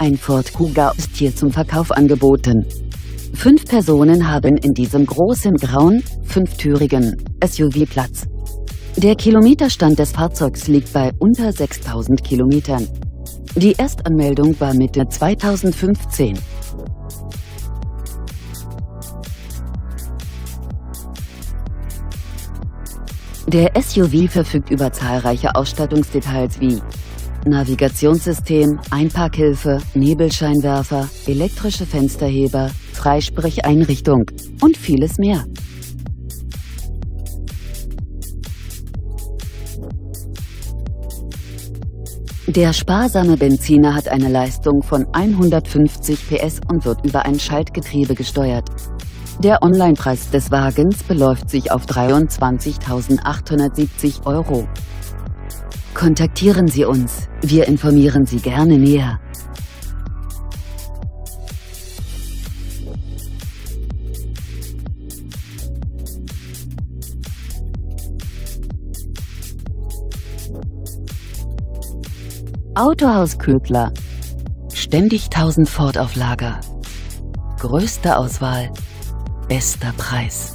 Ein Ford Kuga ist hier zum Verkauf angeboten. Fünf Personen haben in diesem großen grauen, fünftürigen SUV Platz. Der Kilometerstand des Fahrzeugs liegt bei unter 6000 Kilometern. Die Erstanmeldung war Mitte 2015. Der SUV verfügt über zahlreiche Ausstattungsdetails wie Navigationssystem, Einparkhilfe, Nebelscheinwerfer, elektrische Fensterheber, Freisprecheinrichtung und vieles mehr. Der sparsame Benziner hat eine Leistung von 150 PS und wird über ein Schaltgetriebe gesteuert. Der Online-Preis des Wagens beläuft sich auf 23.870 Euro. Kontaktieren Sie uns, wir informieren Sie gerne näher. Autohaus Köbler. Ständig 1000 Ford auf Lager. Größte Auswahl, Bester Preis.